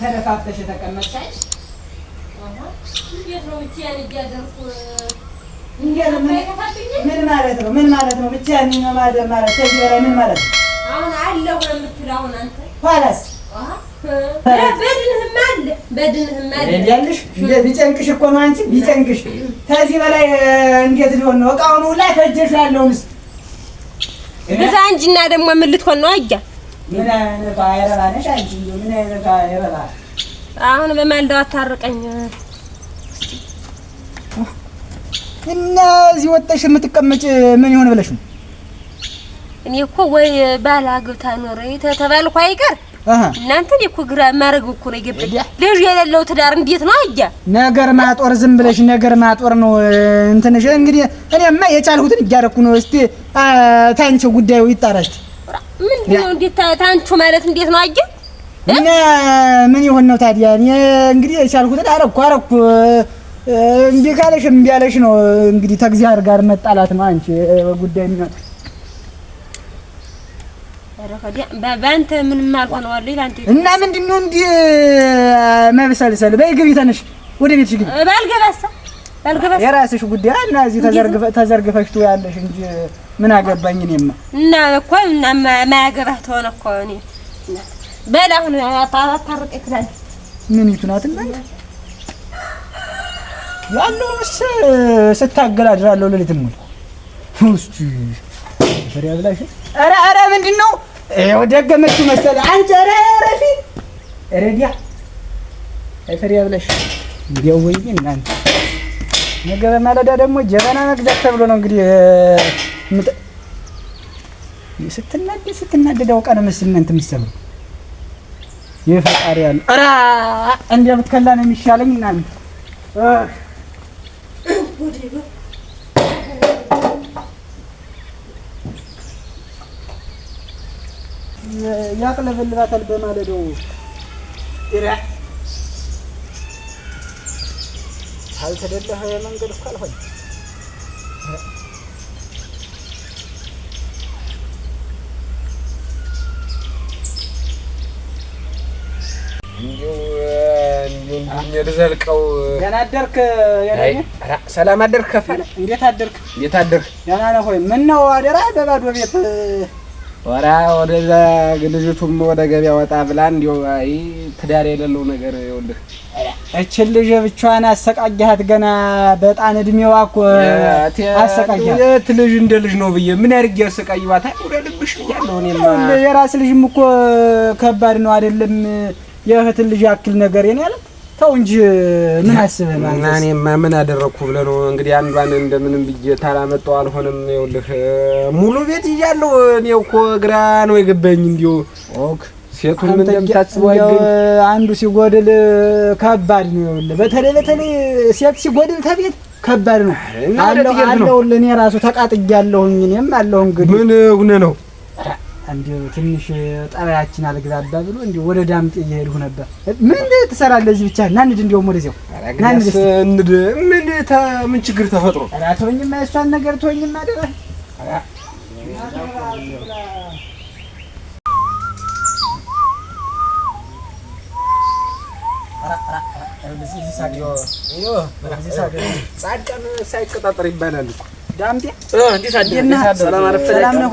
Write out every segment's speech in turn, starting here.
ተደፋፍተሽ ምን ማለት ነው? ምን ማለት ነው? ማለት ከዚህ በላይ ምን ማለት ነው? አሁን ነው የምትለው አሁን አንተ ኋላስ ቢጨንቅሽ እኮ ነው አንቺ ቢጨንቅሽ። ከዚህ በላይ እንዴት ሊሆን ነው? እቃውን ሁላ ፈጀሽ ያለውን እዛ እንጂ እና ደግሞ ምን ልትሆን ነው? አያ አሁን አታርቀኝ እና እዚህ የምትቀመጭ ምን ይሆን ብለሽ ነው? እኔ እኮ ወይ ባል ኖረ ተተባልኩ አይቀር እናንተ እኔ እኮ ግራ እኮ ነው የገባኝ። ልጅ የሌለው ትዳር እንዴት ነው? አየ ነገር ማጦር ዝም ብለሽ ነገር ማጦር ነው። እንትንሽ እንግዲህ እኔማ የቻልሁትን እያደረኩ ነው። እስቲ ታንቺ ጉዳዩ ይጣራሽ። ምንድን ነው እንዴት ታንቹ ማለት እንዴት ነው? አየ እና ምን ይሆን ነው ታዲያ? እኔ እንግዲህ የቻልሁትን አረኩ አረኩ። እምቢ ካለሽ እምቢ አለሽ ነው እንግዲህ። ጋር መጣላት ነው አንቺ ጉዳይ በአንተ ምንም አልሆነዋለሁ ይላል እና ምንድን ነው እንዲህ መብሰልሰል? በይ ግቢ፣ ተነሽ ወደ ቤትሽ ግቢ። ባልገባሳ ባልገባሳ የራስሽ ጉዳይ እና እዚህ ተዘርግፈሽ ትውያለሽ እንጂ ምን አገባኝ እኔማ። እና እኮ እና ማያገባህ ተሆነ እኮ እኔ አሁን ምን ስታገላድራለሁ ሌሊት ሙሉ እስቲ ፈሪያ ብላሽ ኧረ ኧረ ምንድን ነው ይኸው ደገመችው መሰለህ አንቺ። ኧረ ኧረ ፊት ኧረ ዲያ ፍሬያ ብለሽ እንዲያው ወይ እናንተ ነገ በማለዳ ደግሞ ጀበና መግዛት ተብሎ ነው እንግዲህ ስትናደድ ስትናደድ አውቃ ነው መሰለኝ እንትን የምትሰብረው ይህ ፈጣሪ ያለ ኧረ እንዲያ ብትከላ ነው የሚሻለኝ እናንተ ያቅለበልባታል በማለዳው ጥራ አልተደለህ መንገድ እኮ አልሆነ ልዘልቀው ደህና አደርክ። ሰላም አደርክ። ከፈለ እንዴት አደርክ? እንዴት አደርክ? ደህና ነህ ወይ? ምነው አደራ በባዶ ቤት ወራ ወደዛ ልጅቱም ወደ ገበያ ወጣ ብላ እንዲያው አይ ትዳር የሌለው ነገር ይኸውልህ፣ እችን ልጅ ብቻዋን አሰቃጃት። ገና በጣን እድሜዋ እኮ አሰቃጃት። የት ልጅ እንደ ልጅ ነው ብዬ ምን አድርጌ አሰቃይዋታ? ወደ ልብሽ ያለው እኔማ የራስ ልጅም እኮ ከባድ ነው አይደለም? የእህትን ልጅ አክል ነገር የኔ ያለት ተው እንጂ ምን አስበህ ማለት ነው? እኔማ ምን አደረግኩ ብለህ ነው እንግዲህ አንዷን እንደምንም ብዬ ታላመጣው አልሆነም። ይኸውልህ ሙሉ ቤት እያለሁ እኔ እኮ ግራ ነው የገባኝ። እንዲሁ ኦክ ሴቱን ምን እንደምታስበው አይገኝ። አንዱ ሲጎድል ከባድ ነው። ይኸውልህ በተለይ በተለይ ሴት ሲጎድል ተቤት ከባድ ነው አለው አለው። እኔ ራሱ ተቃጥያለሁኝ። እኔም አለሁ እንግዲህ ምን ሁነህ ነው እንዲሁ ትንሽ ጠባያችን አልግባባ ብሎ እንዲሁ ወደ ዳምጤ እየሄድሁ ነበር። ምን ትሰራለህ እዚህ ብቻ? ና እንሂድ፣ እንዲያውም ወደዚያው ምን ችግር ተፈጥሮ ራተወኝማ የእሷን ነገር ተወኝማ ደረ ጻድቃን ሳይቀጣጠር ይባላል። ዳምጤ ሰላም ነው?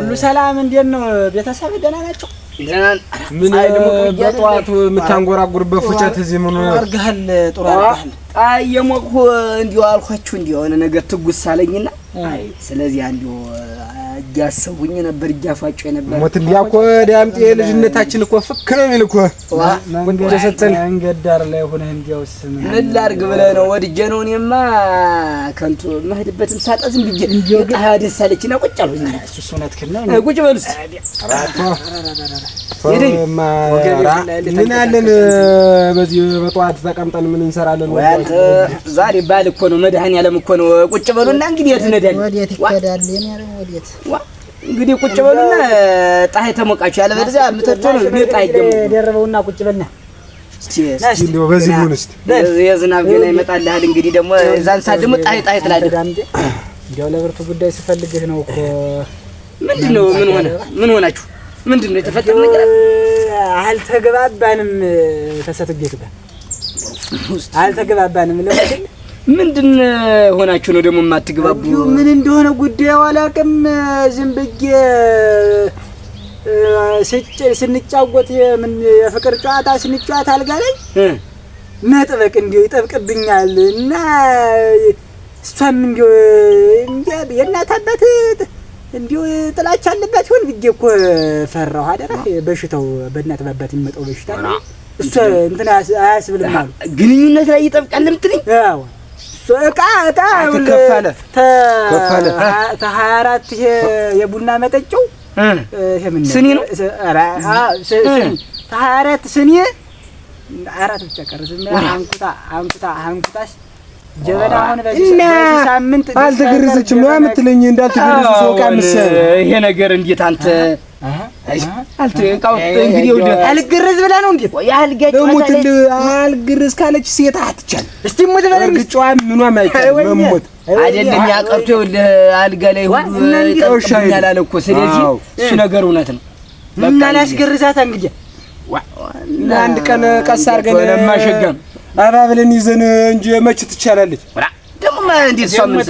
ሁሉ ሰላም። እንዴት ነው ቤተሰብ? ደህና ናቸው? ምን በጠዋቱ የምታንጎራጉርበት ፉጨት እዚህ ምን አድርገሃል? ጥሩ አድርገሃል። አይ የሞቅሁ እንዲሁ አልኳችሁ እንዲሁ የሆነ ነገር ትጉስ አለኝና ስለዚህ አንዲሁ እያሰቡኝ ነበር እያፋጮ ነበር። ሞትም ቢያኮ ዳምጤ ልጅነታችን እኮ ፍክ ነው የሚል እኮ መንገድ ዳር ላይ ሆነህ እንዲያውስ ምን ላድርግ ብለህ ነው? ወድጄ ነው እኔማ ከንቱ መሄድበትም ሳጣ ዝም ብዬ ጣህ ደስ አለችና ቁጭ አሉ። እሱስ እውነትህን ነው። ቁጭ በል እስኪ ምን አለን በዚህ በጠዋት ተቀምጠን ምን እንሰራለን? አንተ ዛሬ ባል እኮ ነው መድኃኒዓለም እኮ ነው። ቁጭ በሉና እንግዲህ የት እንሄዳለን? ወዴት ይከዳል? ወዴት ዋ እንግዲህ ቁጭ በሉና ፀሐይ ተሞቃችሁ፣ ያለበለዚያ ምታችሁ ነው። እኔ ፀሐይ ደርበውና ቁጭ በልና የዝናብ ገና ይመጣልሃል። እንግዲህ ደግሞ እዛን ሰዓት ደግሞ ጣይ ፀሐይ ትላለህ። እንዲያው ለብርቱ ጉዳይ ስፈልግህ ነው እኮ። ምንድን ነው? ምን ሆነ? ምን ሆናችሁ? ምንድን ነው የተፈጠረ ነገር? አልተገባባንም። ተሰትጌት ጋር አልተገባባንም። ለምን ምንድን ሆናችሁ ነው ደግሞ የማትግባቡ? ምን እንደሆነ ጉዳዩ አላውቅም። ዝም ብዬ ስንጫወት ምን የፍቅር ጨዋታ ስንጫወት አልጋ ላይ መጥበቅ እንዲሁ ይጠብቅብኛል እና እሷም እንዲሁ የእናት አባት እንዲሁ ጥላቻ አለባት ይሆን ብዬ እኮ ፈራሁ። አደራ በሽታው በእናት በአባት የሚመጣው በሽታ እሱ እንትን አያስብልም አሉ። ግንኙነት ላይ ይጠብቃል አዎ እቃ እቃ ተሀያ አራት የቡና መጠጫው ስኒ ነው። ተሀያ አራት ስኒ አራት ብቻ ቀረ። አንኩታ አንኩታ አንኩታስ እና አልተገረዘችም ነው የምትለኝ? እንዳልተገረዘ ሰው ዕቃ መሰለህ ይሄ ነገር። እንዴት አንተ አልገረዝ ብላ ነው እንዴት? አልገረዝ ካለች ሴት አትቻልም። እስቲ ሙት በለኝ። ጨዋም ምኗም አይቻልም አይደለም ያቀርቶ ይኸውልህ አልጋ ላይ ሁሉ ይጠቅምኛል አለ እኮ። ስለዚህ እሱ ነገር እውነት ነው። በቃ ላስገርዛት እንግዲህ አንድ ቀን ቀስ አድርገን ለማሸገም አባብለን ይዘን እንጂ መች ትቻላለች። ደግሞ እንዴት ሰው ምን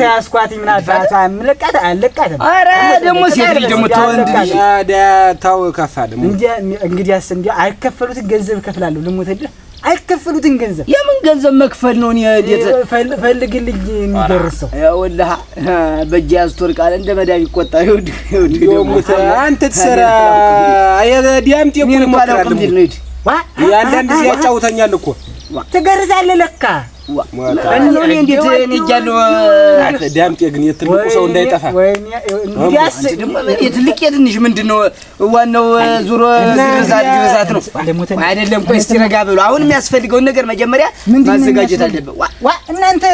እንግዲያስ አይከፈሉትን ገንዘብ እከፍላለሁ። አይከፈሉትን ገንዘብ የምን ገንዘብ መክፈል ነው? ፈልግልኝ የሚደርሰው ይኸውልህ፣ በእጅ ያዝቶ ቃል እንደ መዳብ ይቆጣ። አንተ ትሰራ የዲያም ጤቁን ማለት ነው። ይሄ አንዳንድ ያጫውተኛል እኮ ትገርዛለህ ለካ እኔ እንዴት እንጃለሁ። ዳምጤ ግን የትልቁ ሰው እንዳይጠፋ እንዲያስ የትልቅ የትንሽ ምንድን ነው ዋናው ዙሮ ግርዛት ነው አይደለም። ቆይ እስኪ ረጋ ብሎ አሁን የሚያስፈልገውን ነገር መጀመሪያ ማዘጋጀት አለበት። እናንተ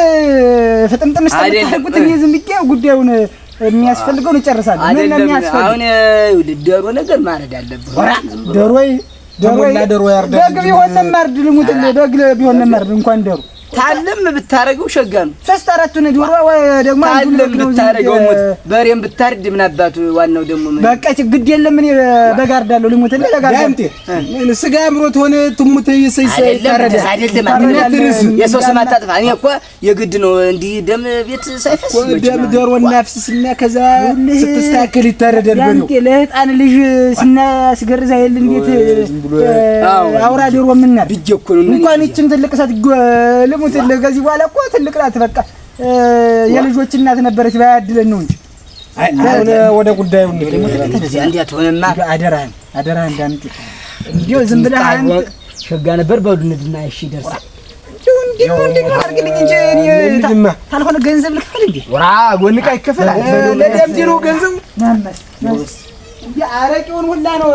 ፍጥምጥም ስታደርጉት እኔ ዝም ብዬ ጉዳዩን የሚያስፈልገውን እጨርሳለሁ። ምን ነው የሚያስፈልገው? አሁን ዶሮ ነገር ማረድ አለብህ። ዶሮይ ደግ ቢሆን መርድ ልሙት ደግ ቢሆን መርድ እንኳን ደሩ ታለም ብታረገው ሸጋ ነው። ሶስት አራቱን ዶሮ ደግሞ ታለም ብታረገው ሙት በሬም ብታርድ ምን አባቱ ዋናው ደግሞ ምን በቃ ግድ የለም። እኔ በጋርዳለሁ ልሙት እንደ ለጋርዳምቴ ስጋ አምሮት ሆነ ትሙት ይሰይሰይ ታረደ አይደለም አትርስ የሰው ስም አታጥፋ። እኔ እኮ የግድ ነው እንዲህ ደም ቤት ሳይፈስ ደም ዶሮ እናፍስስና ከዛ ስትስተካከል ይታረዳል ብሎ ለህጣን ልጅ ስናስገርዛ የለ እንዴት አውራ ዶሮ ምንና ብጄ ነው እንኳን እቺም ትልቅ ሰት ደግሞ ትልቅ ከዚህ በኋላ እኮ ትልቅ ናት። በቃ የልጆች እናት ነበረች። ባያድለን ነው እንጂ ወደ ጉዳዩ አደራህን አደራህን እንዳምጥ እንዲሁ ዝም ብለህ ሸጋ ነበር በሉ እሺ ይደርሳል። ታልሆነ ገንዘብ ልክፈል እንዴ? ወራ ጎንቃ ይከፈላል። ለደም ገንዘብ አረቂውን ሁላ ነው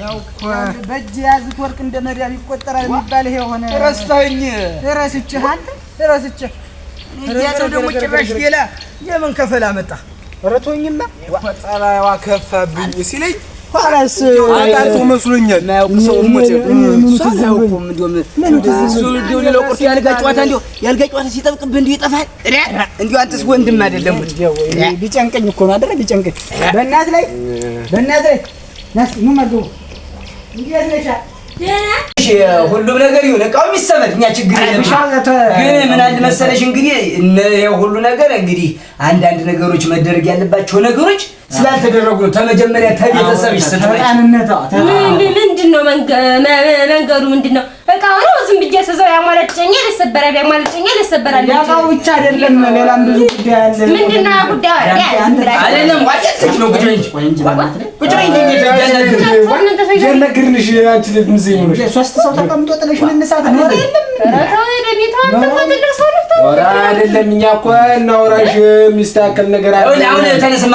ያው እኮ በእጅ የያዙት ወርቅ እንደ መዳብ ይቆጠራል የሚባል ይሄ የሆነ እረስተኸኝ እረስቼሃል። እረስቼህ እያለው ደግሞ ጭራሽ ሌላ የምን ከፈላ መጣ ረቶኝማ ጠላዋ ከፋብኝ ሲለኝ ኋላስ መስሎኛል። የአልጋ ጨዋታ ሲጠብቅብህ እንዲሁ ይጠፋል። እንዲያው አንተስ ወንድም አይደለም። ቢጨንቀኝ እኮ ነው አይደለ? ቢጨንቀኝ በእናትህ ላይ በእናትህ ላይ ሁሉም ነገር ይሁን እቃው የሚሰመድ እኛ ችግር የለም። ግን ምን አለ መሰለሽ እንግዲህ ሁሉ ነገር እንግዲህ አንዳንድ ነገሮች መደረግ ያለባቸው ነገሮች ስላልተደረጉ ነው። ተመጀመሪያ ተቤተሰብሽ ምንድን ነው መንገዱ ምንድን ነው? እቃ ነው ዝም ብዬ ስዘው ያሟለጨኛ ልሰበራል፣ ያሟለጨኛ ልሰበራል። ብቻ አይደለም ሌላም ብዙ ጉዳይ አለ። ምንድን ነው ጉዳዩ? ሶስት ሰው ተቀምጦ ጥለሽ ነው አይደለም እኛ እኮ እናውራሽ የሚስተካከል ነገር አለ። አሁን ተነስማ